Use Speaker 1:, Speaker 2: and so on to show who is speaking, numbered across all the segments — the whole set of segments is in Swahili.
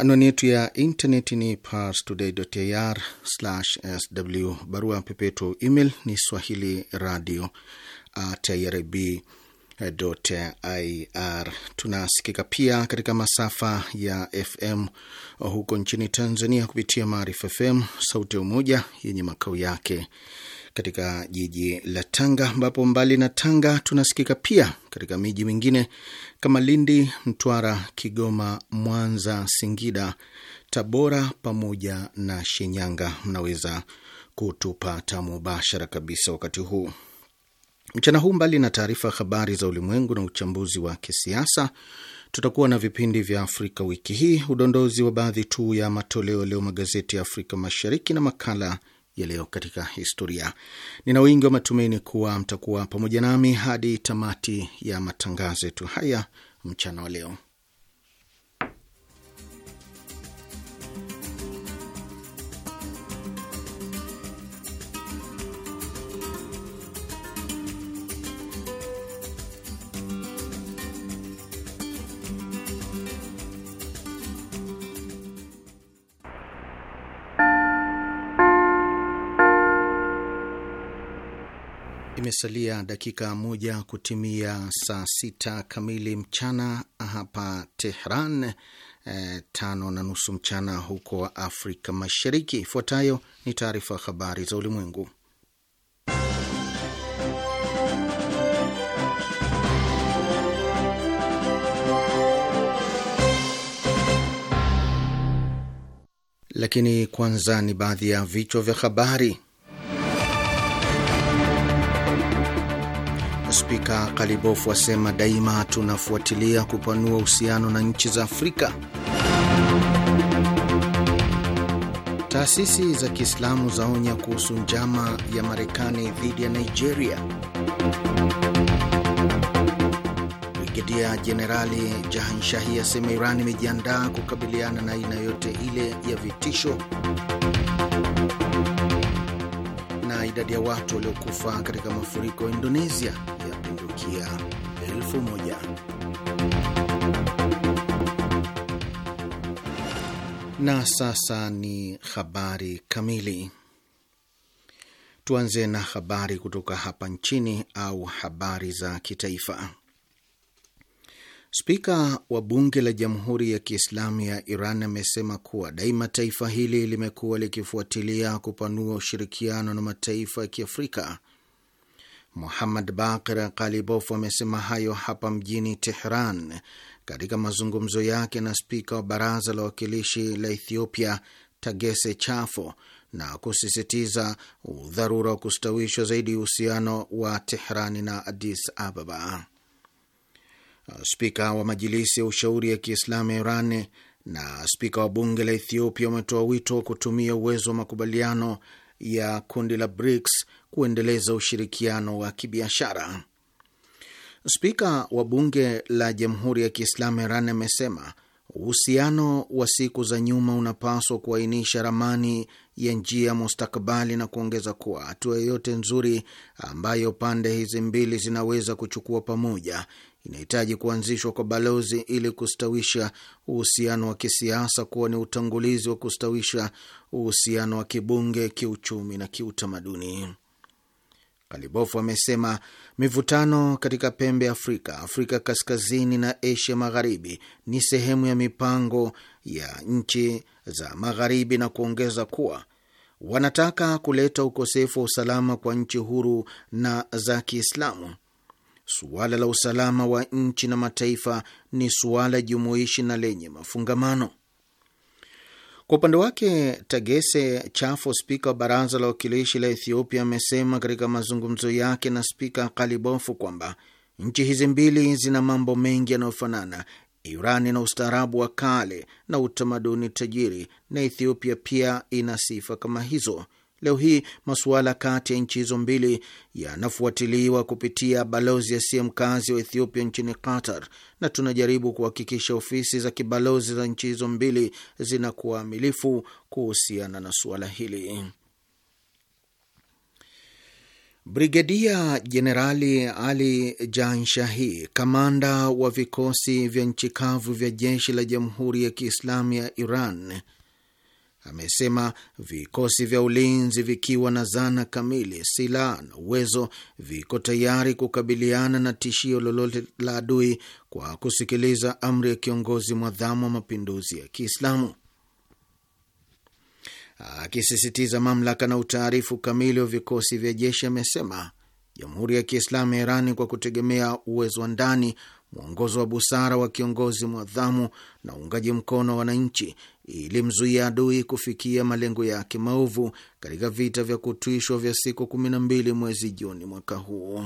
Speaker 1: Anwani yetu ya intaneti ni parstoday.ir/sw. Barua pepeto email ni swahili radio irib ir. Tunasikika pia katika masafa ya FM huko nchini Tanzania kupitia Maarifa FM sauti ya Umoja yenye makao yake katika jiji la Tanga, ambapo mbali na Tanga tunasikika pia katika miji mingine kama Lindi, Mtwara, Kigoma, Mwanza, Singida, Tabora pamoja na Shinyanga. Mnaweza kutupata mubashara kabisa wakati huu mchana huu. Mbali na taarifa habari za ulimwengu na uchambuzi wa kisiasa, tutakuwa na vipindi vya Afrika wiki hii, udondozi wa baadhi tu ya matoleo leo magazeti ya Afrika Mashariki na makala ya leo katika historia. Nina wingi wa matumaini kuwa mtakuwa pamoja nami hadi tamati ya matangazo yetu haya mchana wa leo. Imesalia dakika moja kutimia saa sita kamili mchana hapa Tehran, e, tano na nusu mchana huko Afrika Mashariki. Ifuatayo ni taarifa habari za ulimwengu, lakini kwanza ni baadhi ya vichwa vya habari. Spika Kalibof asema daima tunafuatilia kupanua uhusiano na nchi za Afrika. Taasisi za Kiislamu zaonya kuhusu njama ya Marekani dhidi ya Nigeria. Brigedia Jenerali Jahanshahi asema Iran imejiandaa kukabiliana na aina yote ile ya vitisho. Na idadi ya watu waliokufa katika mafuriko ya Indonesia kufikia elfu moja. Na sasa ni habari kamili. Tuanze na habari kutoka hapa nchini au habari za kitaifa. Spika wa bunge la Jamhuri ya Kiislamu ya Iran amesema kuwa daima taifa hili limekuwa likifuatilia kupanua ushirikiano na mataifa ya Kiafrika Muhammad Bakir Kalibof amesema hayo hapa mjini Tehran katika mazungumzo yake na spika wa baraza la wawakilishi la Ethiopia Tagese Chafo na kusisitiza udharura wa kustawishwa zaidi uhusiano wa Tehrani na Addis Ababa. Spika wa majilisi ya ushauri ya Kiislamu ya Iran na spika wa bunge la Ethiopia wametoa wito wa kutumia uwezo wa makubaliano ya kundi la BRICS kuendeleza ushirikiano wa kibiashara. Spika wa bunge la Jamhuri ya Kiislamu Iran amesema uhusiano wa siku za nyuma unapaswa kuainisha ramani ya njia mustakabali na kuongeza kuwa hatua yoyote nzuri ambayo pande hizi mbili zinaweza kuchukua pamoja inahitaji kuanzishwa kwa balozi ili kustawisha uhusiano wa kisiasa kuwa ni utangulizi wa kustawisha uhusiano wa kibunge, kiuchumi na kiutamaduni. Kalibofu amesema mivutano katika pembe ya Afrika, Afrika kaskazini na Asia magharibi ni sehemu ya mipango ya nchi za magharibi na kuongeza kuwa wanataka kuleta ukosefu wa usalama kwa nchi huru na za Kiislamu. Suala la usalama wa nchi na mataifa ni suala jumuishi na lenye mafungamano. Kwa upande wake Tagese Chafo, spika wa baraza la wakilishi la Ethiopia, amesema katika mazungumzo yake na spika Kalibofu kwamba nchi hizi mbili zina mambo mengi yanayofanana. Iran ina ustaarabu wa kale na utamaduni tajiri, na Ethiopia pia ina sifa kama hizo. Leo hii masuala kati ya nchi hizo mbili yanafuatiliwa kupitia balozi asiye mkazi wa Ethiopia nchini Qatar, na tunajaribu kuhakikisha ofisi za kibalozi za nchi hizo mbili zinakuwa amilifu kuhusiana na suala hili. Brigedia Jenerali Ali Janshahi, kamanda wa vikosi vya nchi kavu vya jeshi la Jamhuri ya Kiislamu ya Iran Amesema vikosi vya ulinzi vikiwa na zana kamili, silaha na uwezo, viko tayari kukabiliana na tishio lolote la adui kwa kusikiliza amri ya kiongozi mwadhamu wa mapinduzi ya Kiislamu, akisisitiza mamlaka na utaarifu kamili wa vikosi vya jeshi. Amesema Jamhuri ya Kiislamu ya Irani kwa kutegemea uwezo wa ndani mwongozo wa busara wa kiongozi mwadhamu na uungaji mkono wa wananchi ilimzuia adui kufikia malengo yake maovu katika vita vya kutwishwa vya siku kumi na mbili mwezi Juni mwaka huu.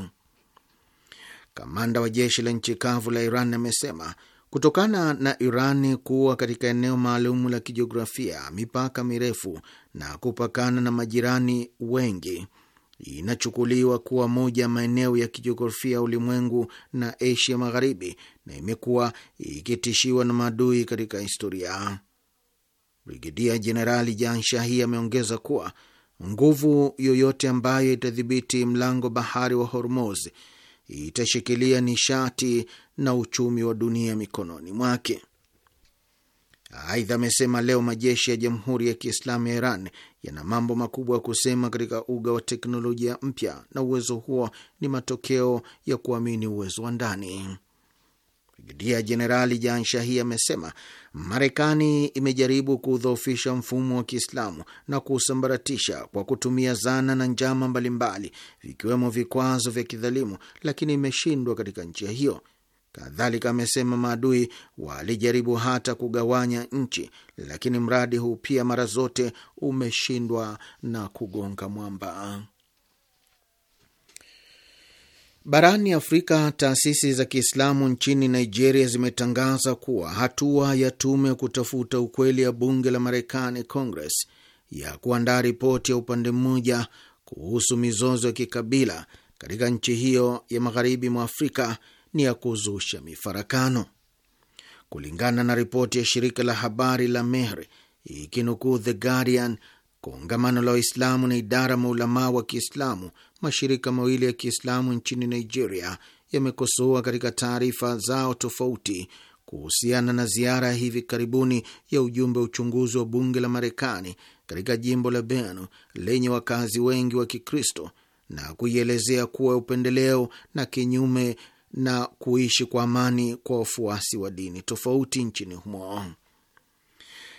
Speaker 1: Kamanda wa jeshi la nchi kavu la Iran amesema kutokana na Iran kuwa katika eneo maalum la kijiografia, mipaka mirefu na kupakana na majirani wengi inachukuliwa kuwa moja ya maeneo ya kijiografia ya ulimwengu na Asia Magharibi na imekuwa ikitishiwa na maadui katika historia. Brigedia Jenerali Jan Shahi ameongeza kuwa nguvu yoyote ambayo itadhibiti mlango bahari wa Hormuz itashikilia nishati na uchumi wa dunia mikononi mwake. Aidha amesema leo majeshi ya Jamhuri ya Kiislamu ya Iran yana mambo makubwa ya kusema katika uga wa teknolojia mpya, na uwezo huo ni matokeo ya kuamini uwezo wa ndani. Brigedia Jenerali Jan Shahi amesema Marekani imejaribu kuudhoofisha mfumo wa Kiislamu na kuusambaratisha kwa kutumia zana na njama mbalimbali, vikiwemo vikwazo vya kidhalimu, lakini imeshindwa katika njia hiyo. Kadhalika amesema maadui walijaribu hata kugawanya nchi, lakini mradi huu pia mara zote umeshindwa na kugonga mwamba. Barani Afrika, taasisi za Kiislamu nchini Nigeria zimetangaza kuwa hatua ya tume ya kutafuta ukweli ya bunge la Marekani, Congress, ya kuandaa ripoti ya upande mmoja kuhusu mizozo ya kikabila katika nchi hiyo ya magharibi mwa Afrika ni ya kuzusha mifarakano. Kulingana na ripoti ya shirika la habari la Mehr ikinukuu The Guardian, kongamano la Waislamu na idara maulamaa wa Kiislamu, mashirika mawili ya Kiislamu nchini Nigeria yamekosoa katika taarifa zao tofauti kuhusiana na ziara ya hivi karibuni ya ujumbe wa uchunguzi wa bunge la Marekani katika jimbo la Beno lenye wakazi wengi wa Kikristo na kuielezea kuwa upendeleo na kinyume na kuishi kwa amani kwa wafuasi wa dini tofauti nchini humo.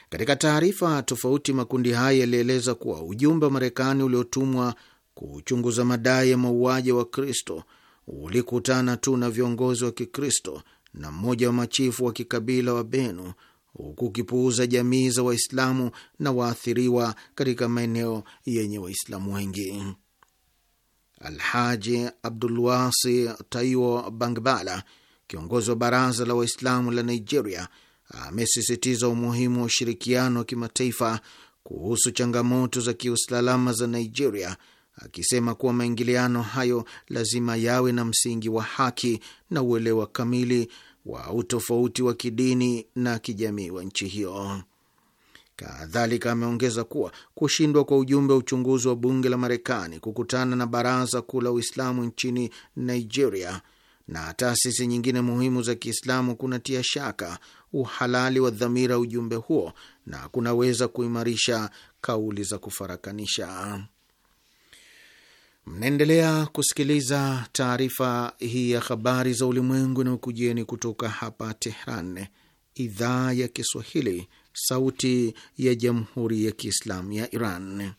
Speaker 1: Katika taarifa tofauti, makundi haya yalieleza kuwa ujumbe wa Marekani uliotumwa kuchunguza madai ya mauaji wa Kristo ulikutana tu na viongozi wa Kikristo na mmoja wa machifu wa kikabila wa Benu, huku ukipuuza jamii za Waislamu na waathiriwa katika maeneo yenye Waislamu wengi. Alhaji Abdulwasi Taiwo Bangbala, kiongozi wa Baraza la Waislamu la Nigeria, amesisitiza umuhimu wa ushirikiano wa kimataifa kuhusu changamoto za kiusalama za Nigeria, akisema kuwa maingiliano hayo lazima yawe na msingi wa haki na uelewa kamili wa utofauti wa kidini na kijamii wa nchi hiyo. Kadhalika ameongeza kuwa kushindwa kwa ujumbe wa uchunguzi wa bunge la Marekani kukutana na baraza kuu la Uislamu nchini Nigeria na taasisi nyingine muhimu za Kiislamu kunatia shaka uhalali wa dhamira ujumbe huo na kunaweza kuimarisha kauli za kufarakanisha. Mnaendelea kusikiliza taarifa hii ya habari za ulimwengu na ukujieni kutoka hapa Tehran, idhaa ya Kiswahili, Sauti ya Jamhuri ya Kiislamu ya Iran.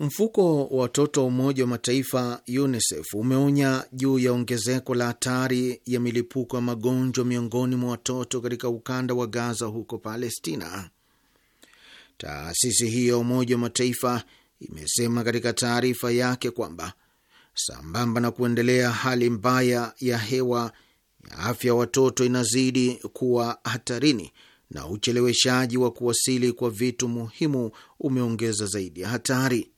Speaker 1: Mfuko wa watoto wa Umoja wa Mataifa UNICEF umeonya juu ya ongezeko la hatari ya milipuko ya magonjwa miongoni mwa watoto katika ukanda wa Gaza huko Palestina. Taasisi hiyo ya Umoja wa Mataifa imesema katika taarifa yake kwamba sambamba na kuendelea hali mbaya ya hewa afya ya watoto inazidi kuwa hatarini na ucheleweshaji wa kuwasili kwa vitu muhimu umeongeza zaidi ya hatari.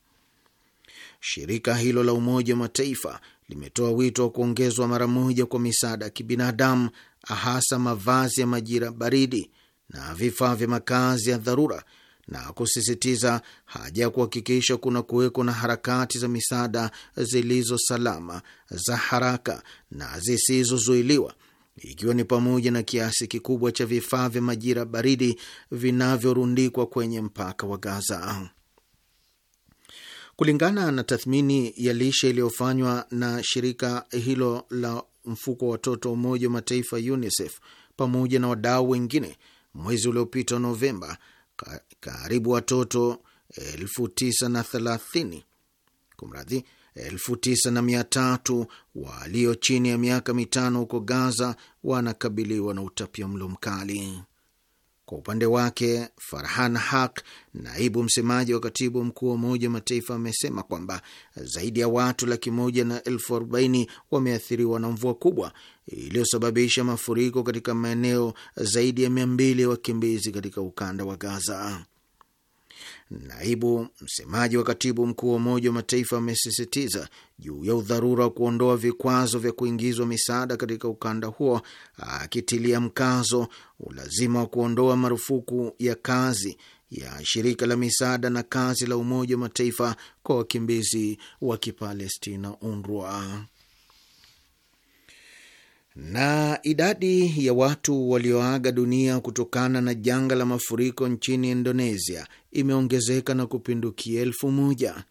Speaker 1: Shirika hilo la Umoja wa Mataifa limetoa wito wa kuongezwa mara moja kwa misaada ya kibinadamu, hasa mavazi ya majira baridi na vifaa vya makazi ya dharura na kusisitiza haja ya kuhakikisha kuna kuweko na harakati za misaada zilizo salama, za haraka na zisizozuiliwa, ikiwa ni pamoja na kiasi kikubwa cha vifaa vya majira baridi vinavyorundikwa kwenye mpaka wa Gaza. Kulingana na tathmini ya lishe iliyofanywa na shirika hilo la mfuko wa watoto wa Umoja wa Mataifa UNICEF pamoja na wadau wengine mwezi uliopita Novemba, karibu watoto elfu tisa na thelathini kumradhi, elfu tisa na mia tatu walio chini ya miaka mitano huko Gaza wanakabiliwa na utapia mlo mkali. Kwa upande wake Farhan Haq, naibu msemaji wa katibu mkuu wa Umoja Mataifa, amesema kwamba zaidi ya watu laki moja na elfu arobaini wameathiriwa na mvua kubwa iliyosababisha mafuriko katika maeneo zaidi ya mia mbili ya wakimbizi katika ukanda wa Gaza. Naibu msemaji wa katibu mkuu wa Umoja wa Mataifa amesisitiza juu ya udharura wa kuondoa vikwazo vya kuingizwa misaada katika ukanda huo, akitilia mkazo ulazima wa kuondoa marufuku ya kazi ya shirika la misaada na kazi la Umoja wa Mataifa kwa wakimbizi wa Kipalestina, UNRWA. Na idadi ya watu walioaga dunia kutokana na janga la mafuriko nchini Indonesia imeongezeka na kupindukia elfu moja.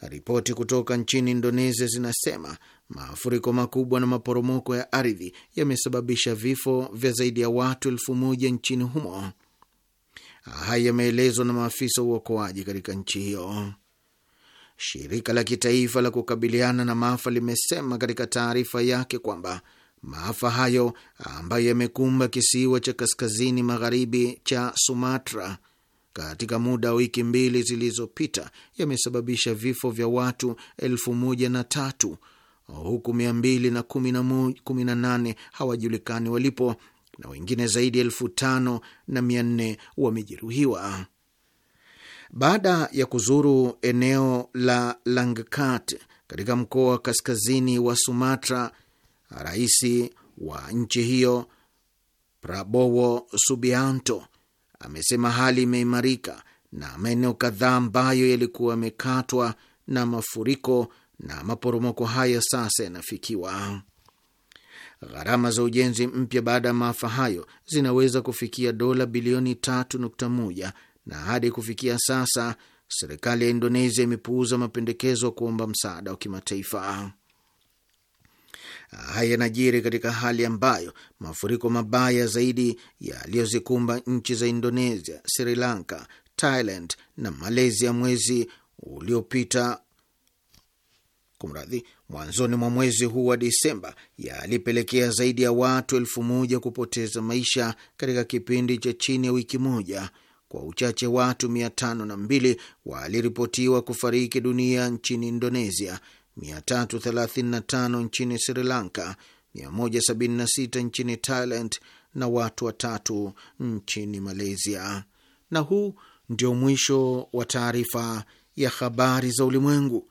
Speaker 1: Ripoti kutoka nchini Indonesia zinasema mafuriko makubwa na maporomoko ya ardhi yamesababisha vifo vya zaidi ya watu elfu moja nchini humo. Haya yameelezwa na maafisa uokoaji katika nchi hiyo. Shirika la kitaifa la kukabiliana na maafa limesema katika taarifa yake kwamba Maafa hayo ambayo yamekumba kisiwa cha kaskazini magharibi cha Sumatra katika muda wa wiki mbili zilizopita yamesababisha vifo vya watu elfu moja na tatu huku mia mbili na kumi na nane hawajulikani walipo na wengine zaidi ya elfu tano na mia nne wamejeruhiwa. Baada ya kuzuru eneo la Langkat katika mkoa wa kaskazini wa Sumatra rais wa nchi hiyo Prabowo Subianto amesema hali imeimarika na maeneo kadhaa ambayo yalikuwa yamekatwa na mafuriko na maporomoko haya sasa yanafikiwa. Gharama za ujenzi mpya baada ya maafa hayo zinaweza kufikia dola bilioni 3.1 na hadi kufikia sasa serikali ya Indonesia imepuuza mapendekezo kuomba msaada wa kimataifa. Haya yanajiri katika hali ambayo mafuriko mabaya zaidi yaliyozikumba nchi za Indonesia, Sri Lanka, Thailand na Malaysia mwezi uliopita Kumradhi, mwanzoni mwa mwezi huu wa Disemba yalipelekea zaidi ya watu elfu moja kupoteza maisha katika kipindi cha chini ya wiki moja. Kwa uchache watu mia tano na mbili waliripotiwa kufariki dunia nchini Indonesia, 335 nchini Sri Lanka, 176 nchini Thailand na watu watatu nchini Malaysia. Na huu ndio mwisho wa taarifa ya habari za ulimwengu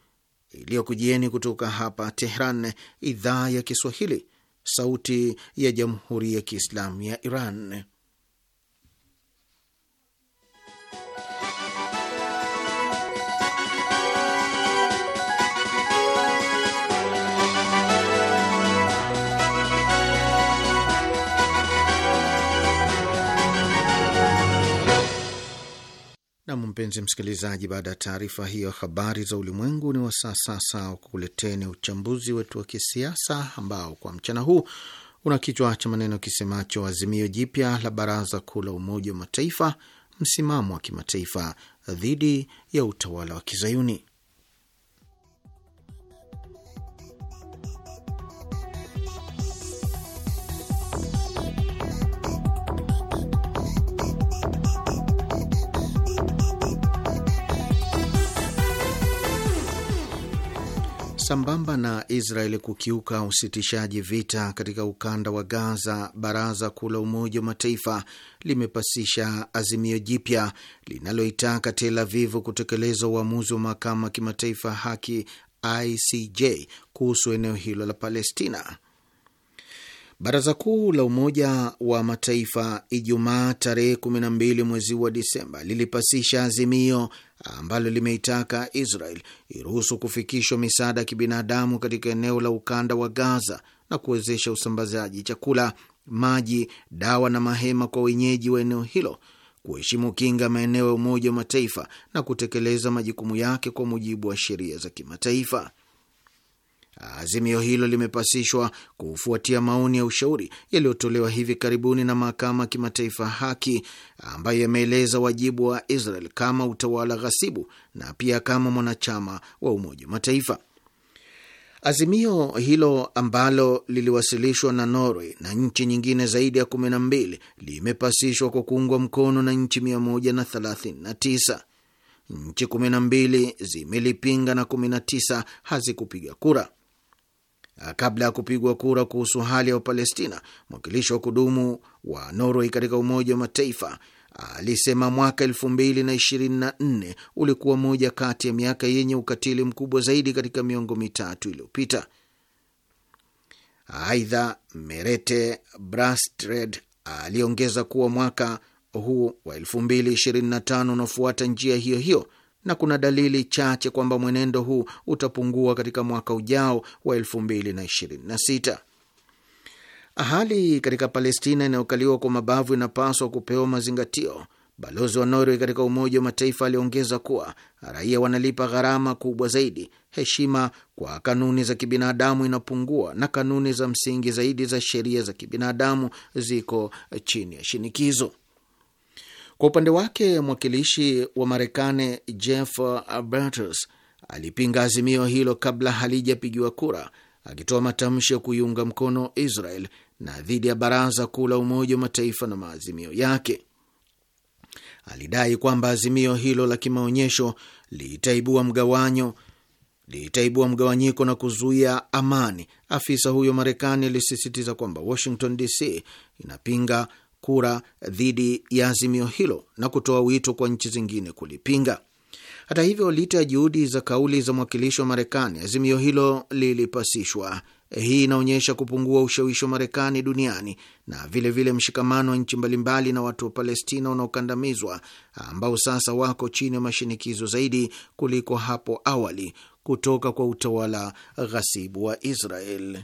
Speaker 1: iliyokujieni kutoka hapa Tehran, idhaa ya Kiswahili, sauti ya jamhuri ya kiislamu ya Iran. Nam, mpenzi msikilizaji, baada ya taarifa hiyo habari za ulimwengu, ni wasaa sasa wa kukuleteni uchambuzi wetu wa kisiasa ambao kwa mchana huu una kichwa cha maneno kisemacho azimio jipya la Baraza Kuu la Umoja wa Mataifa, msimamo wa kimataifa dhidi ya utawala wa Kizayuni. Sambamba na Israeli kukiuka usitishaji vita katika ukanda wa Gaza, baraza kuu la Umoja wa Mataifa limepasisha azimio jipya linaloitaka Tel Avivu kutekeleza uamuzi wa mahakama ya kimataifa haki ICJ kuhusu eneo hilo la Palestina. Baraza Kuu la Umoja wa Mataifa Ijumaa tarehe 12 mwezi wa Disemba lilipasisha azimio ambalo limeitaka Israel iruhusu kufikishwa misaada ya kibinadamu katika eneo la ukanda wa Gaza na kuwezesha usambazaji chakula, maji, dawa na mahema kwa wenyeji wa eneo hilo, kuheshimu kinga maeneo ya Umoja wa Mataifa na kutekeleza majukumu yake kwa mujibu wa sheria za kimataifa. Azimio hilo limepasishwa kufuatia maoni ya ushauri yaliyotolewa hivi karibuni na mahakama ya kimataifa haki ambayo yameeleza wajibu wa Israel kama utawala ghasibu na pia kama mwanachama wa Umoja wa Mataifa. Azimio hilo ambalo liliwasilishwa na Norway na nchi nyingine zaidi ya kumi na mbili limepasishwa kwa kuungwa mkono na nchi mia moja na thelathini na tisa. Nchi kumi na mbili zimelipinga na kumi na tisa hazikupiga kura. Ah, kabla ya kupigwa kura kuhusu hali ya Wapalestina, mwakilishi wa kudumu wa Norway katika Umoja wa Mataifa ah, alisema mwaka nne ulikuwa moja kati ya miaka yenye ukatili mkubwa zaidi katika miongo mitatu iliyopita. Aidha, Merete Brastred ah, aliongeza kuwa mwaka huu wa tano unafuata njia hiyo hiyo na kuna dalili chache kwamba mwenendo huu utapungua katika mwaka ujao wa 2026. Hali katika Palestina inayokaliwa kwa mabavu inapaswa kupewa mazingatio. Balozi wa Norway katika Umoja wa Mataifa aliongeza kuwa raia wanalipa gharama kubwa zaidi, heshima kwa kanuni za kibinadamu inapungua, na kanuni za msingi zaidi za sheria za kibinadamu ziko chini ya shinikizo. Kwa upande wake mwakilishi wa Marekani Jeff Albertus alipinga azimio hilo kabla halijapigiwa kura, akitoa matamshi ya kuiunga mkono Israel na dhidi ya Baraza Kuu la Umoja wa Mataifa na maazimio yake. Alidai kwamba azimio hilo la kimaonyesho litaibua mgawanyo litaibua mgawanyiko na kuzuia amani. Afisa huyo Marekani alisisitiza kwamba Washington DC inapinga kura dhidi ya azimio hilo na kutoa wito kwa nchi zingine kulipinga. Hata hivyo, licha ya juhudi za kauli za mwakilishi wa Marekani, azimio hilo lilipasishwa. Hii inaonyesha kupungua ushawishi wa Marekani duniani na vilevile vile mshikamano wa nchi mbalimbali na watu wa Palestina wanaokandamizwa ambao sasa wako chini ya mashinikizo zaidi kuliko hapo awali kutoka kwa utawala ghasibu wa Israel.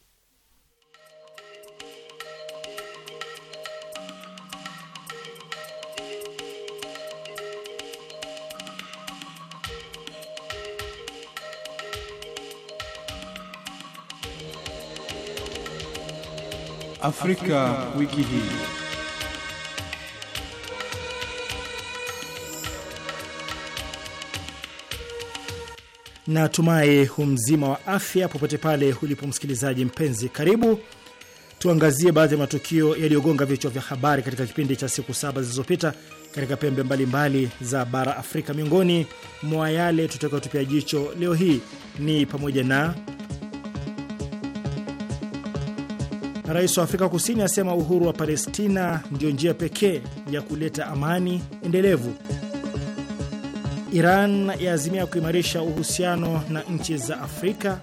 Speaker 2: Afrika, wiki hii.
Speaker 3: Natumai humzima wa afya popote pale ulipo msikilizaji mpenzi. Karibu tuangazie baadhi ya matukio yaliyogonga vichwa vya habari katika kipindi cha siku saba zilizopita katika pembe mbalimbali mbali za bara Afrika. Miongoni mwa yale tutakayotupia jicho leo hii ni pamoja na Rais wa Afrika Kusini asema uhuru wa Palestina ndio njia pekee ya kuleta amani endelevu. Iran yaazimia kuimarisha uhusiano na nchi za Afrika.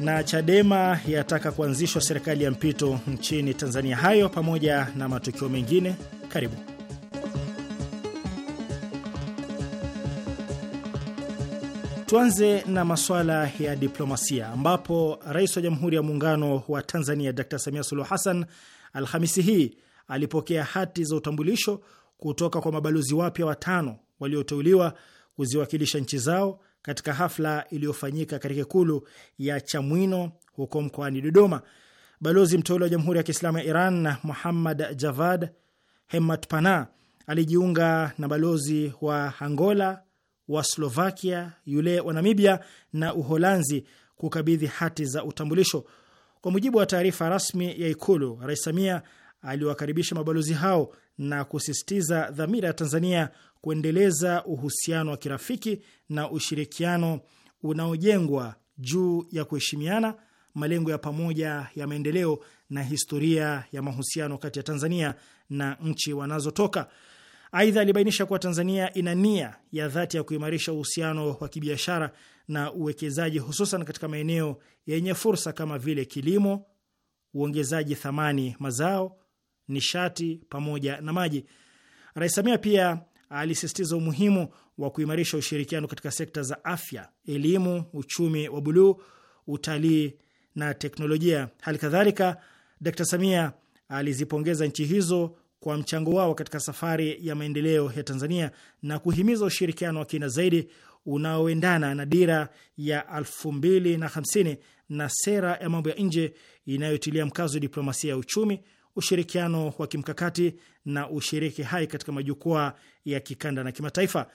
Speaker 3: Na Chadema yataka kuanzishwa serikali ya mpito nchini Tanzania. Hayo pamoja na matukio mengine, karibu. Tuanze na masuala ya diplomasia ambapo rais wa Jamhuri ya Muungano wa Tanzania Dr Samia Suluhu Hassan Alhamisi hii alipokea hati za utambulisho kutoka kwa mabalozi wapya watano walioteuliwa kuziwakilisha nchi zao katika hafla iliyofanyika katika ikulu ya Chamwino huko mkoani Dodoma. Balozi mteule wa Jamhuri ya Kiislamu ya Iran Muhammad Javad Hemat Pana alijiunga na balozi wa Angola wa Slovakia, yule wa Namibia na Uholanzi kukabidhi hati za utambulisho. Kwa mujibu wa taarifa rasmi ya Ikulu, Rais Samia aliwakaribisha mabalozi hao na kusisitiza dhamira ya Tanzania kuendeleza uhusiano wa kirafiki na ushirikiano unaojengwa juu ya kuheshimiana, malengo ya pamoja ya maendeleo na historia ya mahusiano kati ya Tanzania na nchi wanazotoka. Aidha, alibainisha kuwa Tanzania ina nia ya dhati ya kuimarisha uhusiano wa kibiashara na uwekezaji, hususan katika maeneo yenye fursa kama vile kilimo, uongezaji thamani mazao, nishati pamoja na maji. Rais Samia pia alisisitiza umuhimu wa kuimarisha ushirikiano katika sekta za afya, elimu, uchumi wa buluu, utalii na teknolojia. Hali kadhalika, Dkt Samia alizipongeza nchi hizo kwa mchango wao katika safari ya maendeleo ya Tanzania na kuhimiza ushirikiano wa kina zaidi unaoendana na dira ya 2050 na sera ya mambo ya nje inayotilia mkazo diplomasia ya uchumi, ushirikiano wa kimkakati na ushiriki hai katika majukwaa ya kikanda na kimataifa.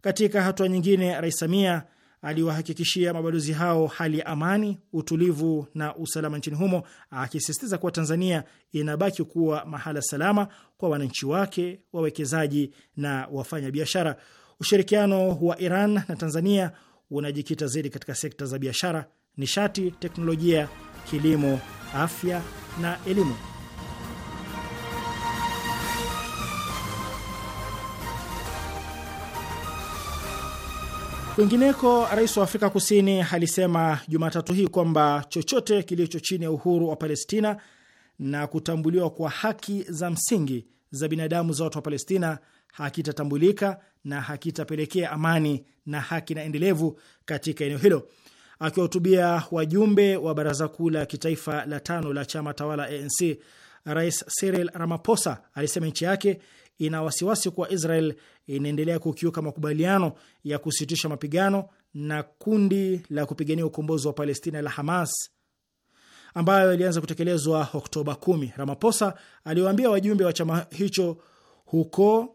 Speaker 3: Katika hatua nyingine, Rais Samia aliwahakikishia mabalozi hao hali ya amani, utulivu na usalama nchini humo, akisisitiza kuwa Tanzania inabaki kuwa mahala salama kwa wananchi wake, wawekezaji na wafanyabiashara. Ushirikiano wa Iran na Tanzania unajikita zaidi katika sekta za biashara, nishati, teknolojia, kilimo, afya na elimu. Kwingineko, rais wa Afrika Kusini alisema Jumatatu hii kwamba chochote kilicho chini ya uhuru wa Palestina na kutambuliwa kwa haki za msingi za binadamu za watu wa Palestina hakitatambulika na hakitapelekea amani na haki na endelevu katika eneo hilo. Akiwahutubia wajumbe wa baraza kuu la kitaifa la tano la chama tawala ANC, Rais Cyril Ramaphosa alisema nchi yake ina wasiwasi kuwa Israel inaendelea kukiuka makubaliano ya kusitisha mapigano na kundi la kupigania ukombozi wa Palestina la Hamas ambayo ilianza kutekelezwa Oktoba 10. Ramaphosa aliwaambia wajumbe wa chama hicho huko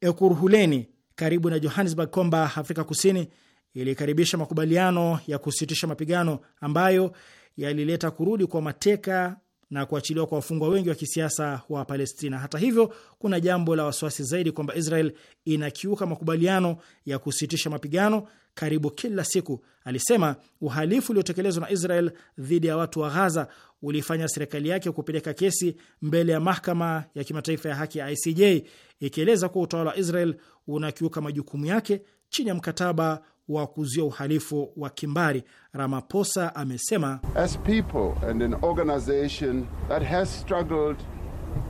Speaker 3: Ekurhuleni karibu na Johannesburg kwamba Afrika Kusini ilikaribisha makubaliano ya kusitisha mapigano ambayo yalileta kurudi kwa mateka na kuachiliwa kwa wafungwa wengi wa kisiasa wa Palestina. Hata hivyo, kuna jambo la wasiwasi zaidi kwamba Israel inakiuka makubaliano ya kusitisha mapigano karibu kila siku, alisema. Uhalifu uliotekelezwa na Israel dhidi ya watu wa Ghaza ulifanya serikali yake kupeleka kesi mbele ya mahakama ya kimataifa ya haki ya ICJ, ikieleza kuwa utawala wa Israel unakiuka majukumu yake chini ya mkataba wa kuzuia uhalifu wa kimbari, Ramaphosa amesema As people
Speaker 4: and an organization that has struggled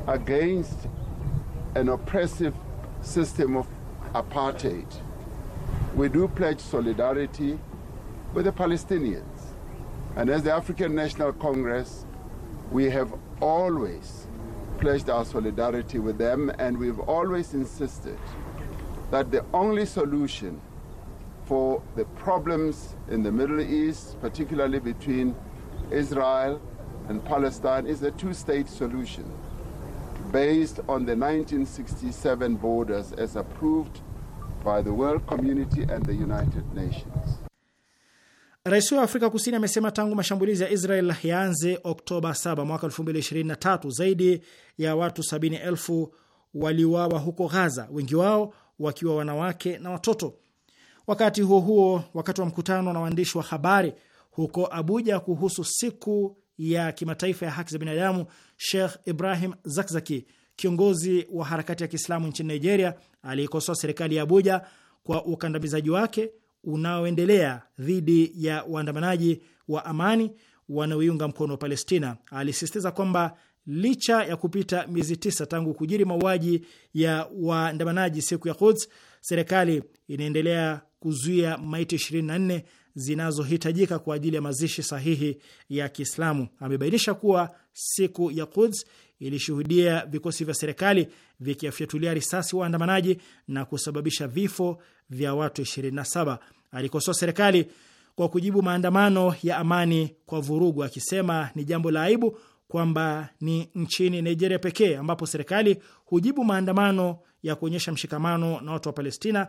Speaker 4: against an oppressive system of apartheid we do pledge solidarity with the Palestinians and as the African National Congress we have always pledged our solidarity with them and we've always insisted that the only solution for the problems in the Middle East, particularly between Israel and Palestine, is a two state solution based on the 1967 borders as approved by the world community and the United Nations.
Speaker 3: Rais wa Afrika Kusini amesema tangu mashambulizi ya Israel yaanze Oktoba 7 mwaka 2023 zaidi ya watu 70,000 waliuawa huko Gaza, wengi wao wakiwa wanawake na watoto. Wakati huo huo, wakati wa mkutano na waandishi wa habari huko Abuja kuhusu siku ya kimataifa ya haki za binadamu, Sheikh Ibrahim Zakzaki, kiongozi wa harakati ya Kiislamu nchini Nigeria, aliikosoa serikali ya Abuja kwa ukandamizaji wake unaoendelea dhidi ya waandamanaji wa amani wanaoiunga mkono wa Palestina. Alisisitiza kwamba licha ya kupita miezi tisa tangu kujiri mauaji ya waandamanaji siku ya Quds, serikali inaendelea kuzuia maiti 24 zinazohitajika kwa ajili ya mazishi sahihi ya Kiislamu. Amebainisha kuwa siku ya Quds ilishuhudia vikosi vya serikali vikiafyatulia risasi waandamanaji na kusababisha vifo vya watu 27. Alikosoa serikali kwa kujibu maandamano ya amani kwa vurugu, akisema ni jambo la aibu kwamba ni nchini Nigeria pekee ambapo serikali hujibu maandamano ya kuonyesha mshikamano na watu wa Palestina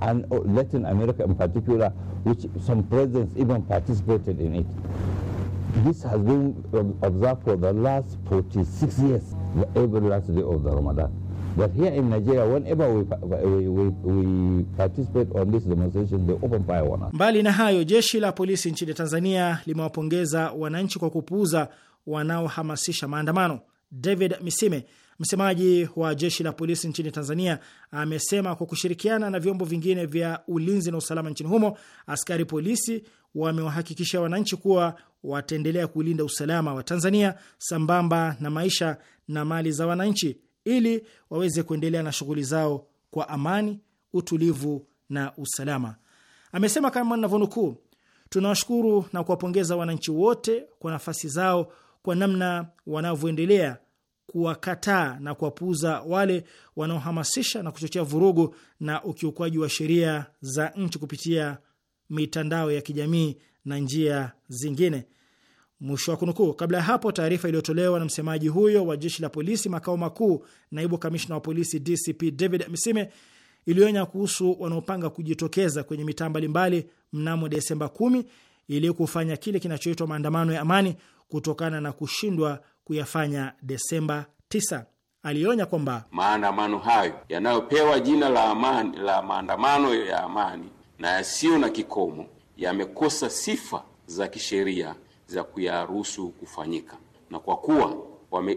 Speaker 4: and oh, Latin America in particular, which some presidents even participated in it. This has been observed for the last 46 years, every last day of the Ramadan. But here in Nigeria, whenever we, we, we, we participate on this demonstration, they open fire on us.
Speaker 3: Mbali na hayo, jeshi la polisi nchini Tanzania limewapongeza wananchi kwa kupuuza wanaohamasisha maandamano. David Misime Msemaji wa jeshi la polisi nchini Tanzania amesema kwa kushirikiana na vyombo vingine vya ulinzi na usalama nchini humo, askari polisi wamewahakikisha wananchi kuwa wataendelea kulinda usalama wa Tanzania sambamba na maisha na mali za wananchi ili waweze kuendelea na shughuli zao kwa amani, utulivu na usalama. Amesema kama navyonukuu, tunawashukuru na kuwapongeza wananchi wote kwa nafasi zao, kwa namna wanavyoendelea kuwakataa na kuwapuuza wale wanaohamasisha na kuchochea vurugu na ukiukwaji wa sheria za nchi kupitia mitandao ya kijamii na njia zingine. Mwisho wa kunukuu. Kabla ya hapo, taarifa iliyotolewa na msemaji huyo wa jeshi la polisi makao makuu, naibu kamishna wa polisi DCP David Misime, ilionya kuhusu wanaopanga kujitokeza kwenye mitaa mbalimbali mnamo Desemba 10 ili kufanya kile kinachoitwa maandamano ya amani kutokana na kushindwa kuyafanya Desemba 9. Alionya kwamba
Speaker 4: maandamano hayo yanayopewa jina la amani, la maandamano ya amani na yasiyo na kikomo yamekosa sifa za kisheria za kuyaruhusu kufanyika, na kwa kuwa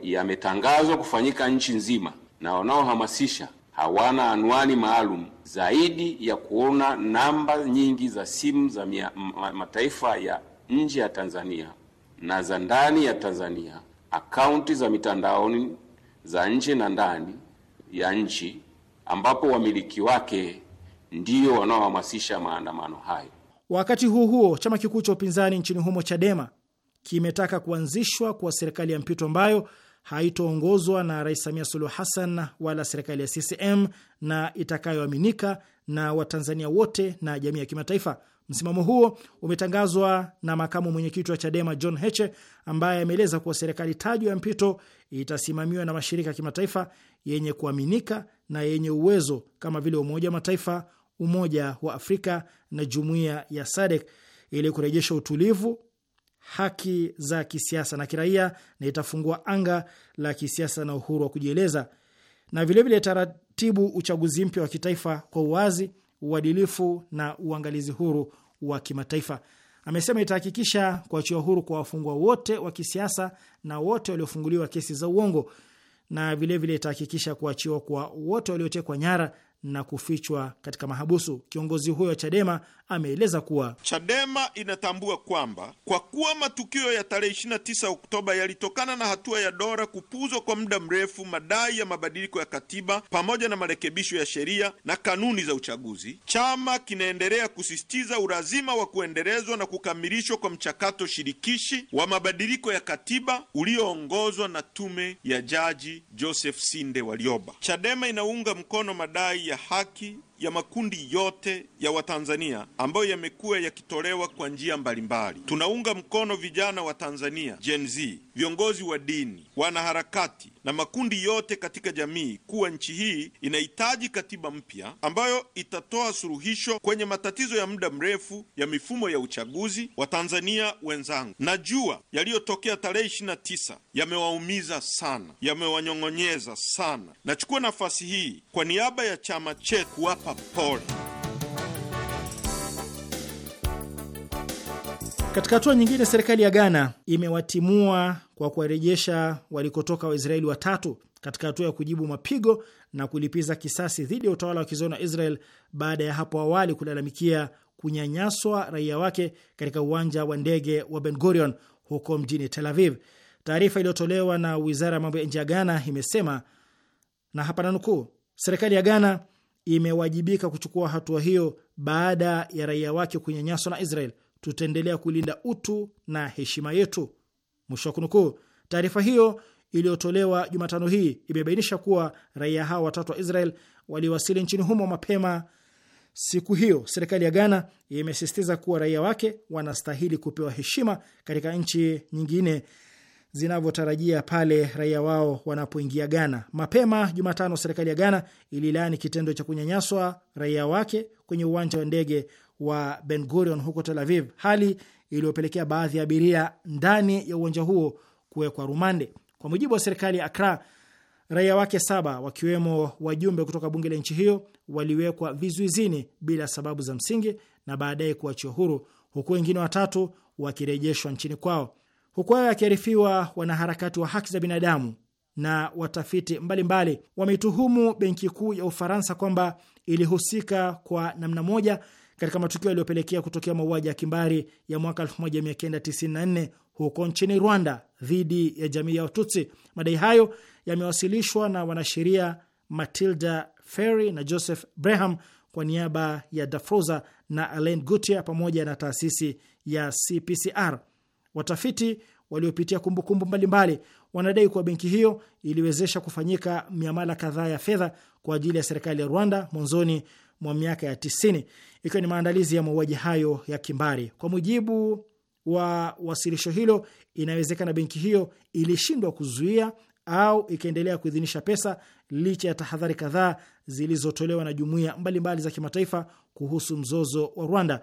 Speaker 4: yametangazwa kufanyika nchi nzima na wanaohamasisha hawana anwani maalum zaidi ya kuona namba nyingi za simu za mia, ma, mataifa ya nje ya Tanzania na za ndani ya Tanzania, akaunti za mitandaoni za nje na ndani ya nchi, ambapo wamiliki wake ndio wanaohamasisha maandamano hayo.
Speaker 3: Wakati huo huo, chama kikuu cha upinzani nchini humo Chadema kimetaka kuanzishwa kwa serikali ya mpito ambayo haitoongozwa na Rais Samia Suluhu Hassan wala serikali ya CCM na itakayoaminika na Watanzania wote na jamii ya kimataifa. Msimamo huo umetangazwa na makamu mwenyekiti wa Chadema John Heche ambaye ameeleza kuwa serikali tajwa ya mpito itasimamiwa na mashirika ya kimataifa yenye kuaminika na yenye uwezo kama vile Umoja wa Mataifa, Umoja wa Afrika na Jumuiya ya SADC ili kurejesha utulivu, haki za kisiasa na kiraia na itafungua anga la kisiasa na uhuru wa kujieleza na vilevile taratibu uchaguzi mpya wa kitaifa kwa uwazi uadilifu na uangalizi huru wa kimataifa. Amesema itahakikisha kuachiwa huru kwa wafungwa wote wa kisiasa na wote waliofunguliwa kesi za uongo, na vilevile itahakikisha kuachiwa kwa wote waliotekwa nyara na kufichwa katika mahabusu. Kiongozi huyo wa Chadema ameeleza kuwa
Speaker 5: Chadema inatambua kwamba kwa kuwa matukio ya tarehe 29 Oktoba yalitokana na hatua ya dora kupuzwa kwa muda mrefu madai ya mabadiliko ya katiba pamoja na marekebisho ya sheria na kanuni za uchaguzi, chama kinaendelea kusisitiza ulazima wa kuendelezwa na kukamilishwa kwa mchakato shirikishi wa mabadiliko ya katiba ulioongozwa na tume ya Jaji Joseph Sinde Walioba. Chadema inaunga mkono madai ya haki ya makundi yote ya Watanzania ambayo yamekuwa yakitolewa kwa njia mbalimbali. Tunaunga mkono vijana wa Tanzania Gen Z, viongozi wa dini, wanaharakati na makundi yote katika jamii kuwa nchi hii inahitaji katiba mpya ambayo itatoa suluhisho kwenye matatizo ya muda mrefu ya mifumo ya uchaguzi. Watanzania wenzangu, najua yaliyotokea tarehe tisa yamewaumiza sana, yamewanyong'onyeza sana. Nachukua nafasi hii kwa niaba ya chama chetu hapa Paul. Katika
Speaker 3: hatua nyingine, serikali ya Ghana imewatimua kwa kuwarejesha walikotoka Waisraeli watatu katika hatua ya kujibu mapigo na kulipiza kisasi dhidi ya utawala wa kizona wa Israel baada ya hapo awali kulalamikia kunyanyaswa raia wake katika uwanja wa ndege wa Ben Gurion huko mjini Tel Aviv. Taarifa iliyotolewa na wizara ya mambo ya nje ya Ghana imesema na hapa nanukuu, serikali ya Ghana imewajibika kuchukua hatua hiyo baada ya raia wake kunyanyaswa na Israel. Tutaendelea kulinda utu na heshima yetu, mwisho wa kunukuu. Taarifa hiyo iliyotolewa Jumatano hii imebainisha kuwa raia hao watatu wa Israel waliwasili nchini humo mapema siku hiyo. Serikali ya Ghana imesisitiza kuwa raia wake wanastahili kupewa heshima katika nchi nyingine zinavyotarajia pale raia wao wanapoingia Ghana. Mapema Jumatano, serikali ya Ghana ililaani kitendo cha kunyanyaswa raia wake kwenye uwanja wa ndege wa Ben Gurion huko Tel Aviv, hali iliyopelekea baadhi ya abiria ndani ya uwanja huo kuwekwa rumande. Kwa mujibu wa serikali ya Akra, raia wake saba wakiwemo wajumbe kutoka bunge la nchi hiyo waliwekwa vizuizini bila sababu za msingi na baadaye kuachiwa huru, huku wengine watatu wakirejeshwa nchini kwao. Huku hayo yakiarifiwa, wanaharakati wa haki za binadamu na watafiti mbalimbali wameituhumu benki kuu ya Ufaransa kwamba ilihusika kwa namna moja katika matukio yaliyopelekea kutokea mauaji ya kimbari ya mwaka 1994 huko nchini Rwanda dhidi ya jamii ya Watutsi. Madai hayo yamewasilishwa na wanasheria Matilda Ferry na Joseph Breham kwa niaba ya Dafroza na Alain Gutier pamoja na taasisi ya CPCR. Watafiti waliopitia kumbukumbu mbalimbali wanadai kuwa benki hiyo iliwezesha kufanyika miamala kadhaa ya fedha kwa ajili ya serikali ya Rwanda mwanzoni mwa miaka ya 90 ikiwa ni maandalizi ya mauaji hayo ya kimbari. Kwa mujibu wa wasilisho hilo, inawezekana benki hiyo ilishindwa kuzuia au ikaendelea kuidhinisha pesa licha ya tahadhari kadhaa zilizotolewa na jumuiya mbalimbali za kimataifa kuhusu mzozo wa Rwanda.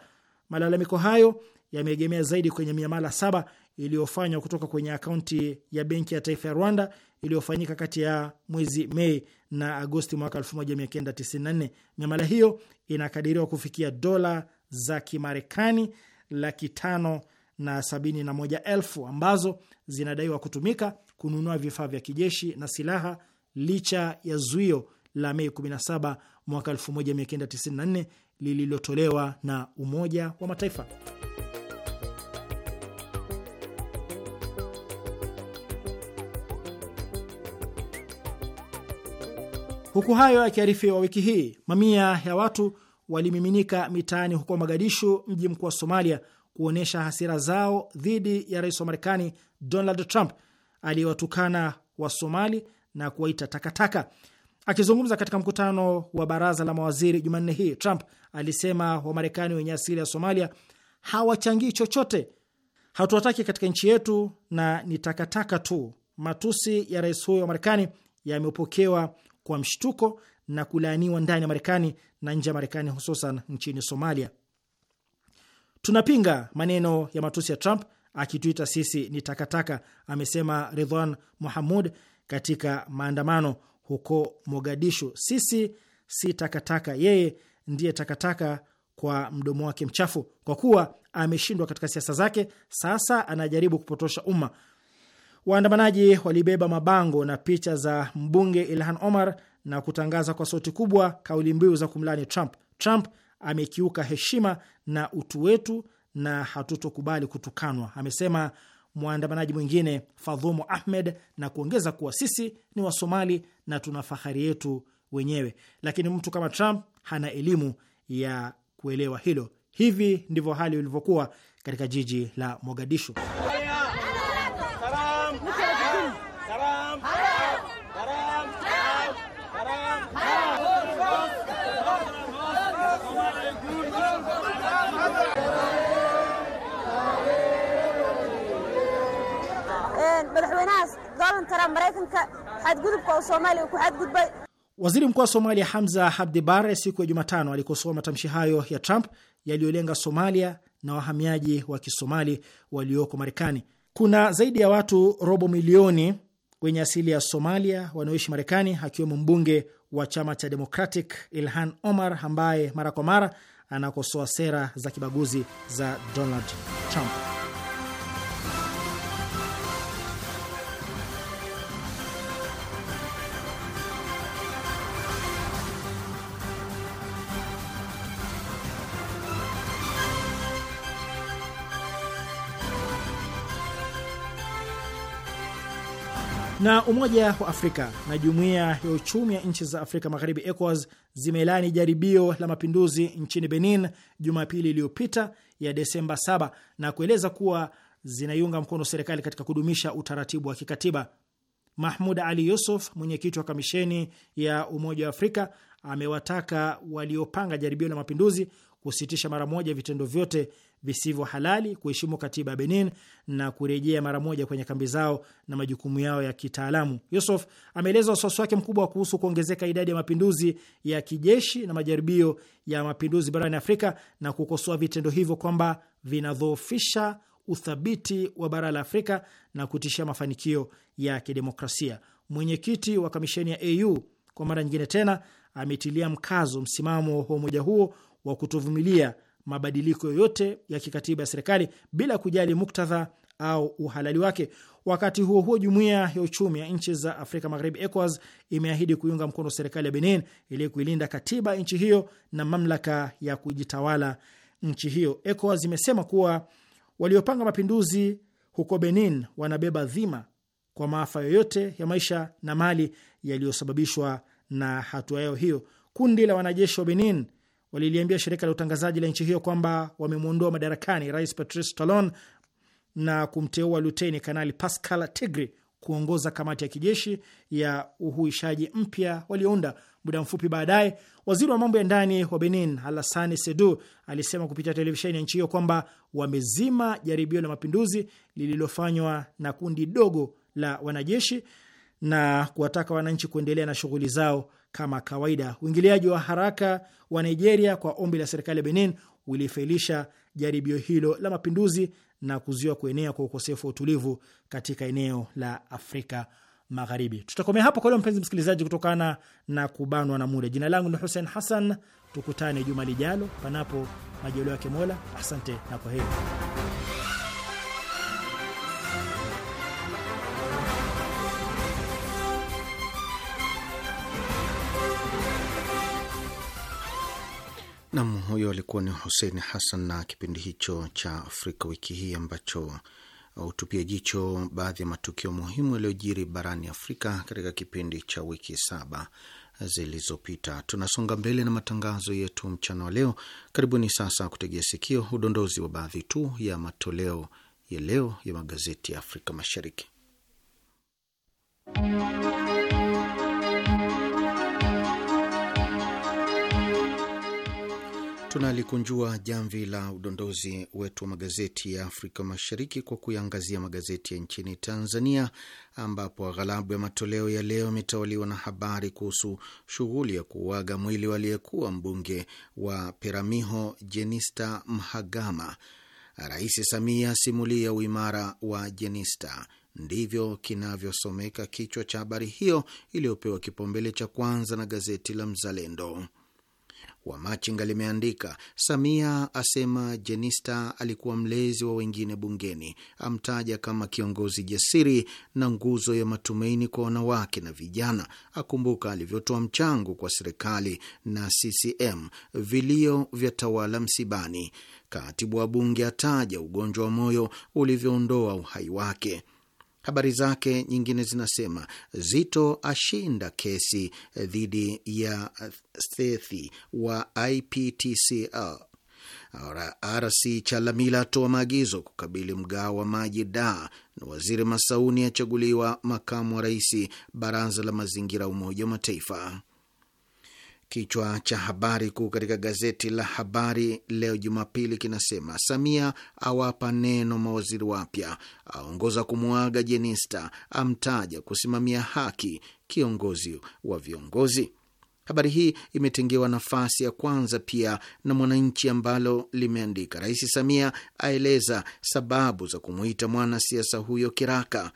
Speaker 3: Malalamiko hayo yameegemea zaidi kwenye miamala saba iliyofanywa kutoka kwenye akaunti ya benki ya taifa ya Rwanda iliyofanyika kati ya mwezi Mei na Agosti mwaka 1994. Miamala hiyo inakadiriwa kufikia dola za Kimarekani laki tano na sabini na moja elfu ambazo zinadaiwa kutumika kununua vifaa vya kijeshi na silaha licha ya zuio la Mei 17 mwaka 1994 lililotolewa na Umoja wa Mataifa. Huku hayo yakiarifiwa, wiki hii mamia ya watu walimiminika mitaani huko Mogadishu, mji mkuu wa Somalia, kuonyesha hasira zao dhidi ya rais wa Marekani Donald Trump aliyewatukana wa Somali na kuwaita takataka. Akizungumza katika mkutano wa baraza la mawaziri Jumanne hii, Trump alisema Wamarekani wenye asili ya Somalia hawachangii chochote, hatuwataki katika nchi yetu na ni takataka tu. Matusi ya rais huyo wa Marekani yamepokewa kwa mshtuko na kulaaniwa ndani ya Marekani na nje ya Marekani, hususan nchini Somalia. Tunapinga maneno ya matusi ya Trump akituita sisi ni takataka, amesema Ridwan Muhamud katika maandamano huko Mogadishu. Sisi si takataka, yeye ndiye takataka kwa mdomo wake mchafu. Kwa kuwa ameshindwa katika siasa zake, sasa anajaribu kupotosha umma. Waandamanaji walibeba mabango na picha za mbunge Ilhan Omar na kutangaza kwa sauti kubwa kauli mbiu za kumlani Trump. Trump amekiuka heshima na utu wetu na hatutokubali kutukanwa, amesema mwandamanaji mwingine fadhumu Ahmed, na kuongeza kuwa sisi ni Wasomali na tuna fahari yetu wenyewe, lakini mtu kama Trump hana elimu ya kuelewa hilo. Hivi ndivyo hali ilivyokuwa katika jiji la Mogadishu.
Speaker 4: Maraykanka xadgudubka Soomaaliya ku xadgudbay.
Speaker 3: Waziri Mkuu wa Somalia Hamza Habdi Bare siku ya Jumatano alikosoa matamshi hayo ya Trump yaliyolenga Somalia na wahamiaji wa Kisomali walioko Marekani. Kuna zaidi ya watu robo milioni wenye asili ya Somalia wanaoishi Marekani, akiwemo mbunge wa chama cha Democratic Ilhan Omar ambaye mara kwa mara anakosoa sera za kibaguzi za Donald Trump. Na Umoja wa Afrika na Jumuiya ya Uchumi ya Nchi za Afrika Magharibi, ECOWAS, zimelani jaribio la mapinduzi nchini Benin Jumapili iliyopita ya Desemba 7 na kueleza kuwa zinaiunga mkono serikali katika kudumisha utaratibu wa kikatiba. Mahmud Ali Yusuf, mwenyekiti wa kamisheni ya Umoja wa Afrika, amewataka waliopanga jaribio la mapinduzi kusitisha mara moja vitendo vyote visivyo halali, kuheshimu katiba ya Benin na kurejea mara moja kwenye kambi zao na majukumu yao ya kitaalamu. Yusuf ameeleza wasiwasi wake mkubwa kuhusu kuongezeka idadi ya mapinduzi ya kijeshi na majaribio ya mapinduzi barani Afrika na kukosoa vitendo hivyo kwamba vinadhoofisha uthabiti wa bara la Afrika na kutishia mafanikio ya kidemokrasia. Mwenyekiti wa kamisheni ya AU kwa mara nyingine tena ametilia mkazo msimamo wa umoja huo wa kutovumilia mabadiliko yoyote ya kikatiba ya serikali bila kujali muktadha au uhalali wake. Wakati huo huo, jumuiya ya uchumi ya nchi za Afrika Magharibi, ECOWAS, imeahidi kuiunga mkono serikali ya Benin ili kuilinda katiba nchi hiyo na mamlaka ya kujitawala nchi hiyo. ECOWAS imesema kuwa waliopanga mapinduzi huko Benin wanabeba dhima kwa maafa yoyote ya maisha na mali yaliyosababishwa na hatua yao hiyo. Kundi la wanajeshi wa Benin waliliambia shirika la utangazaji la nchi hiyo kwamba wamemwondoa madarakani rais Patrice Talon na kumteua luteni kanali Pascal Tigri kuongoza kamati ya kijeshi ya uhuishaji mpya waliounda. Muda mfupi baadaye, waziri wa mambo ya ndani wa Benin Alassane Sedu alisema kupitia televisheni ya nchi hiyo kwamba wamezima jaribio la mapinduzi lililofanywa na kundi dogo la wanajeshi na kuwataka wananchi kuendelea na shughuli zao kama kawaida. Uingiliaji wa haraka wa Nigeria kwa ombi la serikali ya Benin ulifailisha jaribio hilo la mapinduzi na kuzuia kuenea kwa ukosefu wa utulivu katika eneo la Afrika Magharibi. Tutakomea hapo kwa leo, mpenzi msikilizaji, kutokana na kubanwa na muda. Jina langu ni Hussein Hassan, tukutane juma lijalo, panapo majaliwa yake Mola. Asante na kwa heri.
Speaker 1: Nam, huyo alikuwa ni Hussein Hassan na kipindi hicho cha Afrika wiki hii ambacho hutupia jicho baadhi ya matukio muhimu yaliyojiri barani Afrika katika kipindi cha wiki saba zilizopita. Tunasonga mbele na matangazo yetu mchana wa leo. Karibuni sasa kutegea sikio udondozi wa baadhi tu ya matoleo ya leo ya magazeti ya Afrika Mashariki. Tunalikunjua jamvi la udondozi wetu wa magazeti ya Afrika Mashariki kwa kuiangazia magazeti ya nchini Tanzania, ambapo aghalabu ya matoleo ya leo yametawaliwa na habari kuhusu shughuli ya kuuaga mwili waliyekuwa aliyekuwa mbunge wa Peramiho Jenista Mhagama. Rais Samia simulia uimara wa Jenista, ndivyo kinavyosomeka kichwa cha habari hiyo iliyopewa kipaumbele cha kwanza na gazeti la Mzalendo. Wamachinga limeandika Samia asema Jenista alikuwa mlezi wa wengine bungeni, amtaja kama kiongozi jasiri na nguzo ya matumaini kwa wanawake na vijana, akumbuka alivyotoa mchango kwa serikali na CCM, vilio vya tawala msibani. Katibu wa bunge ataja ugonjwa wa moyo ulivyoondoa uhai wake. Habari zake nyingine zinasema Zito ashinda kesi dhidi ya Thethi wa IPTCL. RC Chalamila atoa maagizo kukabili mgao wa maji da na Waziri Masauni achaguliwa makamu wa rais, Baraza la Mazingira, Umoja wa Mataifa. Kichwa cha habari kuu katika gazeti la Habari Leo Jumapili kinasema Samia awapa neno mawaziri wapya, aongoza kumwaga Jenista, amtaja kusimamia haki kiongozi wa viongozi. Habari hii imetengewa nafasi ya kwanza pia na Mwananchi ambalo limeandika Rais Samia aeleza sababu za kumwita mwanasiasa huyo kiraka.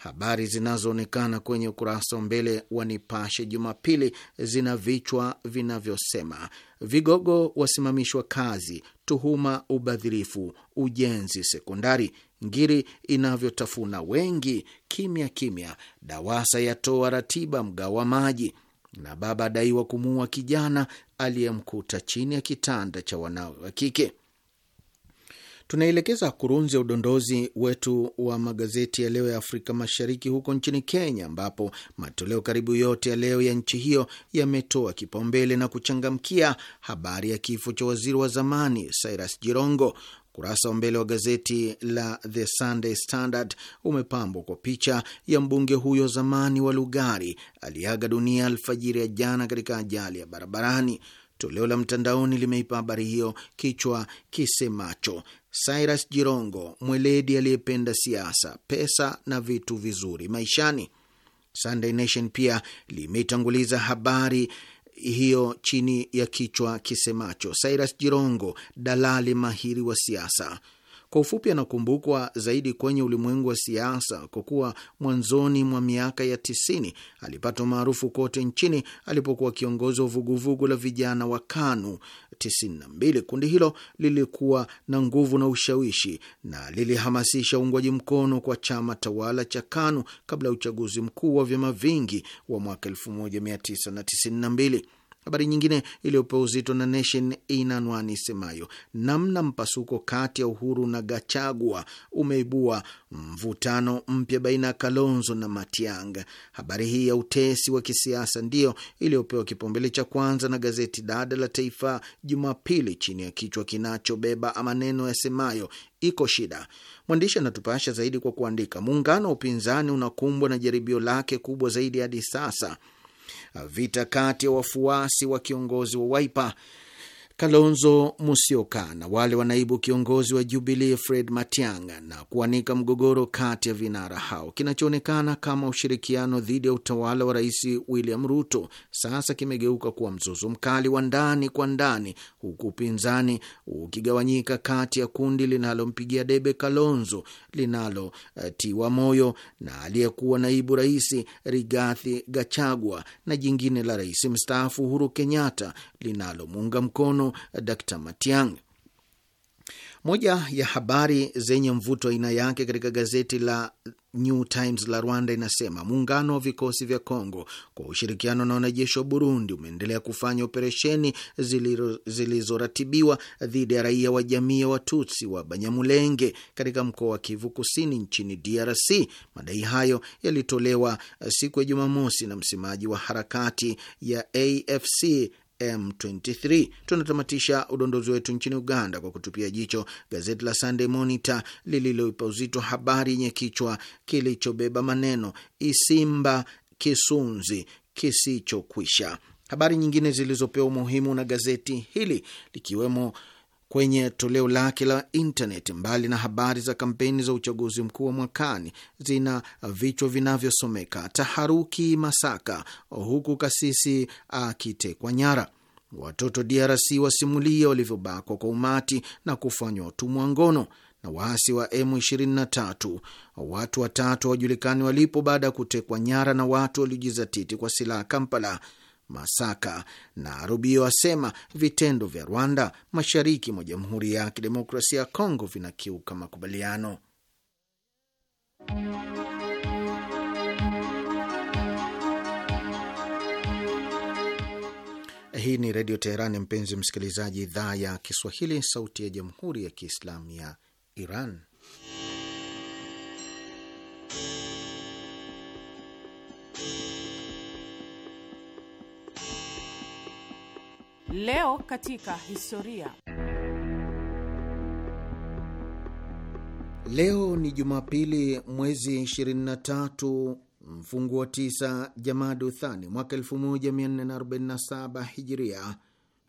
Speaker 1: Habari zinazoonekana kwenye ukurasa wa mbele wa Nipashe Jumapili zina vichwa vinavyosema vigogo wasimamishwa kazi, tuhuma ubadhirifu ujenzi sekondari, ngiri inavyotafuna wengi kimya kimya, DAWASA yatoa ratiba mgao wa maji, na baba adaiwa kumuua kijana aliyemkuta chini ya kitanda cha wanawe wa kike tunaelekeza kurunzi ya udondozi wetu wa magazeti ya leo ya Afrika Mashariki huko nchini Kenya, ambapo matoleo karibu yote ya leo ya nchi hiyo yametoa kipaumbele na kuchangamkia habari ya kifo cha waziri wa zamani Cyrus Jirongo. Ukurasa wa mbele wa gazeti la The Sunday Standard umepambwa kwa picha ya mbunge huyo zamani wa Lugari aliyeaga dunia alfajiri ya jana katika ajali ya barabarani. Toleo la mtandaoni limeipa habari hiyo kichwa kisemacho Cyrus Jirongo, mweledi aliyependa siasa, pesa na vitu vizuri maishani. Sunday Nation pia limetanguliza habari hiyo chini ya kichwa kisemacho Cyrus Jirongo, dalali mahiri wa siasa. Kwa ufupi, anakumbukwa zaidi kwenye ulimwengu wa siasa kwa kuwa mwanzoni mwa miaka ya tisini alipata maarufu kote nchini alipokuwa kiongozi wa vuguvugu la vijana wa KANU 92. Kundi hilo lilikuwa na nguvu na ushawishi na lilihamasisha uungwaji mkono kwa chama tawala cha KANU kabla ya uchaguzi mkuu wa vyama vingi wa mwaka 1992. Habari nyingine iliyopewa uzito na Nation ina anwani isemayo namna mpasuko kati ya Uhuru na Gachagua umeibua mvutano mpya baina ya Kalonzo na matianga Habari hii ya utesi wa kisiasa ndiyo iliyopewa kipaumbele cha kwanza na gazeti dada la Taifa Jumapili chini ya kichwa kinachobeba maneno yasemayo iko shida. Mwandishi anatupasha zaidi kwa kuandika, muungano wa upinzani unakumbwa na jaribio lake kubwa zaidi hadi sasa vita kati ya wafuasi wa kiongozi wa Waipa Kalonzo Musyoka na wale wa naibu kiongozi wa Jubilee Fred Matiang'a na kuanika mgogoro kati ya vinara hao. Kinachoonekana kama ushirikiano dhidi ya utawala wa Rais William Ruto sasa kimegeuka kuwa mzozo mkali wa ndani kwa ndani, huku upinzani ukigawanyika kati ya kundi linalompigia debe Kalonzo linalotiwa moyo na aliyekuwa naibu rais Rigathi Gachagua na jingine la rais mstaafu Uhuru Kenyatta linalomuunga mkono d Dr Matiang. Moja ya habari zenye mvuto aina yake katika gazeti la New Times la Rwanda inasema muungano wa vikosi vya congo kwa ushirikiano na wanajeshi wa Burundi umeendelea kufanya operesheni zilizoratibiwa dhidi ya raia wa jamii ya Watutsi wa Banyamulenge katika mkoa wa Kivu Kusini nchini DRC. Madai hayo yalitolewa siku ya Jumamosi na msemaji wa harakati ya AFC M23. Tunatamatisha udondozi wetu nchini Uganda kwa kutupia jicho gazeti la Sunday Monitor lililoipa uzito habari yenye kichwa kilichobeba maneno Isimba kisunzi kisichokwisha. Habari nyingine zilizopewa umuhimu na gazeti hili likiwemo kwenye toleo lake la intaneti, mbali na habari za kampeni za uchaguzi mkuu wa mwakani, zina vichwa vinavyosomeka taharuki Masaka, huku kasisi akitekwa nyara, watoto DRC wasimulia walivyobakwa kwa umati na kufanywa utumwa ngono, na waasi wa M23 watu watatu hawajulikani walipo baada ya kutekwa nyara na watu waliojizatiti kwa silaha Kampala. Masaka na Rubio asema vitendo vya Rwanda mashariki mwa Jamhuri ya Kidemokrasia ya Kongo vinakiuka makubaliano. Hii ni Redio Teherani, mpenzi msikilizaji, idhaa ya Kiswahili, sauti ya Jamhuri ya Kiislamu ya Iran.
Speaker 6: Leo katika historia.
Speaker 1: Leo ni Jumapili, mwezi 23 mfungu wa 9 Jamadu Thani mwaka 1447 Hijiria,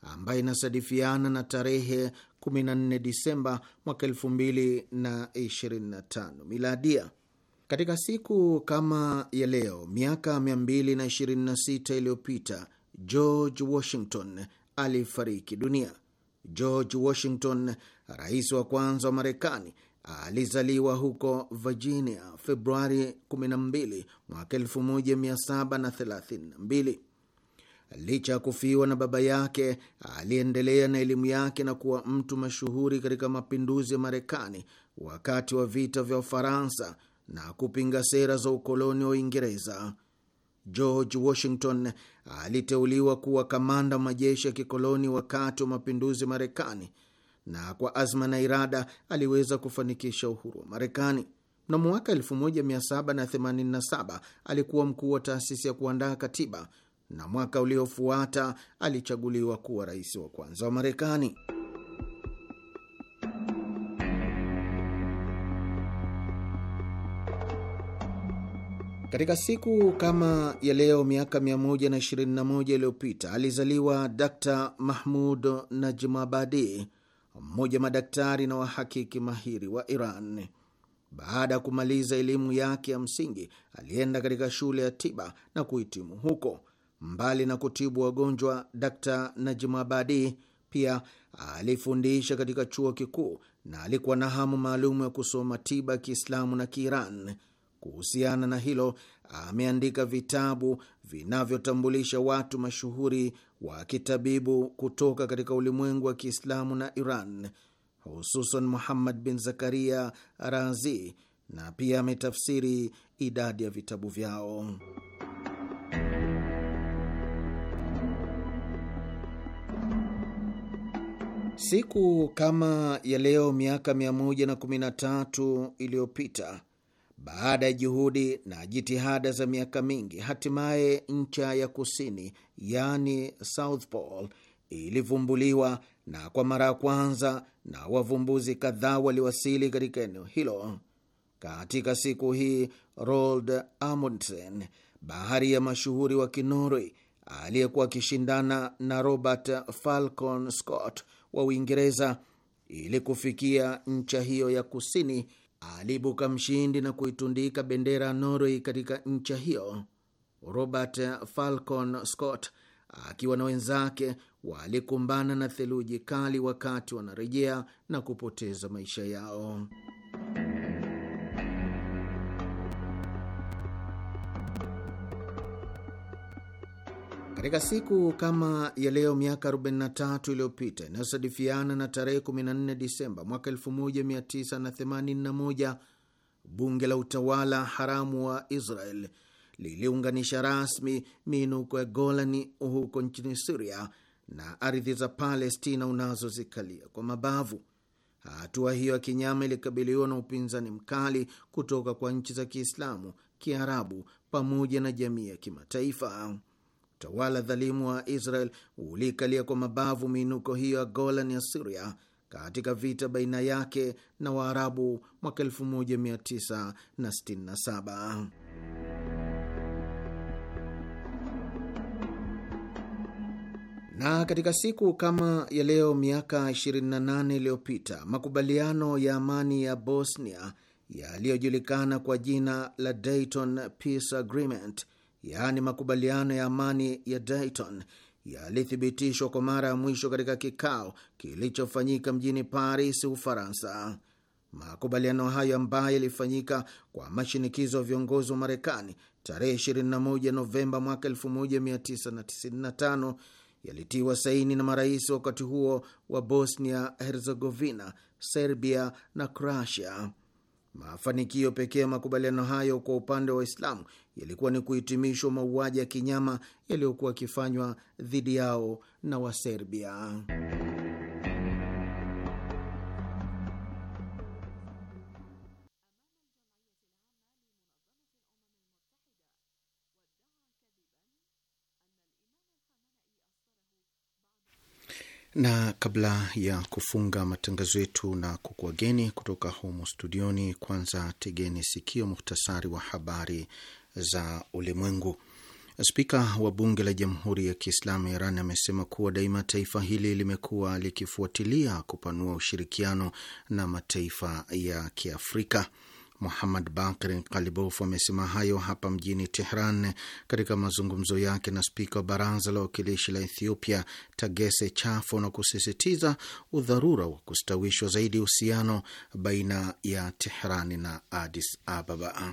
Speaker 1: ambaye inasadifiana na tarehe 14 Disemba mwaka 2025 Miladia. Katika siku kama ya leo miaka 226 iliyopita George Washington alifariki dunia. George Washington, rais wa kwanza wa Marekani, alizaliwa huko Virginia Februari 12 mwaka 1732. Licha ya kufiwa na baba yake, aliendelea na elimu yake na kuwa mtu mashuhuri katika mapinduzi ya Marekani wakati wa vita vya Ufaransa na kupinga sera za ukoloni wa Uingereza. George Washington aliteuliwa kuwa kamanda wa majeshi ya kikoloni wakati wa mapinduzi Marekani, na kwa azma na irada aliweza kufanikisha uhuru wa Marekani. Mnamo mwaka 1787 alikuwa mkuu wa taasisi ya kuandaa katiba, na mwaka uliofuata alichaguliwa kuwa rais wa kwanza wa Marekani. Katika siku kama ya leo miaka 121 iliyopita alizaliwa Dr Mahmud Najmabadi, mmoja madaktari na wahakiki mahiri wa Iran. Baada ya kumaliza elimu yake ya msingi, alienda katika shule ya tiba na kuhitimu huko. Mbali na kutibu wagonjwa, Dr Najmabadi pia alifundisha katika chuo kikuu na alikuwa na hamu maalumu ya kusoma tiba ya Kiislamu na Kiiran. Kuhusiana na hilo, ameandika vitabu vinavyotambulisha watu mashuhuri wa kitabibu kutoka katika ulimwengu wa Kiislamu na Iran, hususan Muhammad bin Zakaria Razi, na pia ametafsiri idadi ya vitabu vyao. Siku kama ya leo miaka 113 iliyopita baada ya juhudi na jitihada za miaka mingi, hatimaye ncha ya kusini, yaani South Pole, ilivumbuliwa na kwa mara ya kwanza na wavumbuzi kadhaa waliwasili katika eneo hilo. Katika siku hii Roald Amundsen, baharia mashuhuri wa kinorwi aliyekuwa akishindana na Robert Falcon Scott wa Uingereza ili kufikia ncha hiyo ya kusini aliibuka mshindi na kuitundika bendera ya Norway katika ncha hiyo. Robert Falcon Scott akiwa na wenzake walikumbana na theluji kali wakati wanarejea na kupoteza maisha yao. Katika siku kama ya leo miaka 43 iliyopita inayosadifiana na tarehe 14 Disemba mwaka 1981 bunge la utawala haramu wa Israel liliunganisha rasmi miinuko ya Golani huko nchini Siria na ardhi za Palestina unazozikalia kwa mabavu. Hatua hiyo ya kinyama ilikabiliwa na upinzani mkali kutoka kwa nchi za Kiislamu, Kiarabu pamoja na jamii ya kimataifa. Utawala dhalimu wa Israel uliikalia kwa mabavu miinuko hiyo ya Golan ya Siria katika vita baina yake na Waarabu mwaka 1967. Na katika siku kama ya leo miaka 28 iliyopita makubaliano ya amani ya Bosnia yaliyojulikana kwa jina la Dayton Peace Agreement yaani makubaliano ya amani ya Dayton yalithibitishwa kwa mara ya mwisho katika kikao kilichofanyika mjini Paris, Ufaransa. Makubaliano hayo ambayo yalifanyika kwa mashinikizo ya viongozi wa Marekani tarehe 21 Novemba mwaka 1995 yalitiwa saini na marais wakati huo wa Bosnia Herzegovina, Serbia na Croatia. Mafanikio pekee ya makubaliano hayo kwa upande wa Waislamu yalikuwa ni kuhitimishwa mauaji ya kinyama yaliyokuwa yakifanywa dhidi yao na Waserbia. na kabla ya kufunga matangazo yetu na kukuageni kutoka humo studioni, kwanza tegeni sikio muhtasari wa habari za ulimwengu. Spika wa bunge la Jamhuri ya Kiislamu ya Iran amesema kuwa daima taifa hili limekuwa likifuatilia kupanua ushirikiano na mataifa ya Kiafrika. Muhammad Bakir Kalibof amesema hayo hapa mjini Tehran katika mazungumzo yake na spika wa baraza la wakilishi la Ethiopia Tagese Chafo na kusisitiza udharura wa kustawishwa zaidi uhusiano baina ya tehrani na Adis Ababa.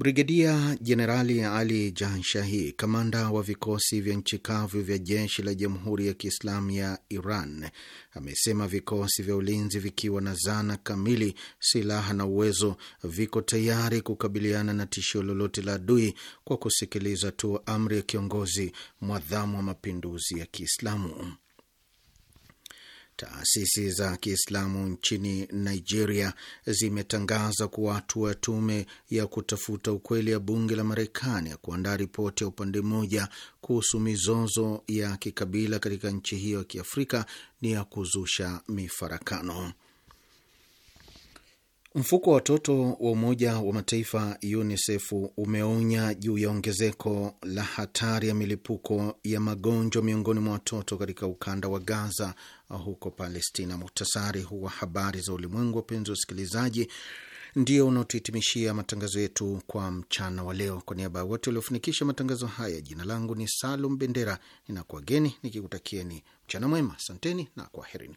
Speaker 1: Brigedia Jenerali Ali Janshahi, kamanda wa vikosi vya nchi kavu vya jeshi la Jamhuri ya Kiislamu ya Iran, amesema vikosi vya ulinzi vikiwa na zana kamili, silaha na uwezo, viko tayari kukabiliana na tishio lolote la adui kwa kusikiliza tu amri ya kiongozi mwadhamu wa mapinduzi ya Kiislamu. Taasisi za Kiislamu nchini Nigeria zimetangaza kuwa hatua tume ya kutafuta ukweli ya bunge la Marekani ya kuandaa ripoti ya upande mmoja kuhusu mizozo ya kikabila katika nchi hiyo ya Kiafrika ni ya kuzusha mifarakano. Mfuko wa watoto wa Umoja wa Mataifa UNICEF umeonya juu ya ongezeko la hatari ya milipuko ya magonjwa miongoni mwa watoto katika ukanda wa Gaza huko Palestina. Muhtasari huu wa habari za ulimwengu, wapenzi wa usikilizaji, ndio unaotuhitimishia matangazo yetu kwa mchana wa leo. Kwa niaba ya wote waliofanikisha matangazo haya, jina langu ni Salum Bendera, ninakuwageni nikikutakieni mchana mwema. Asanteni na kwaherini.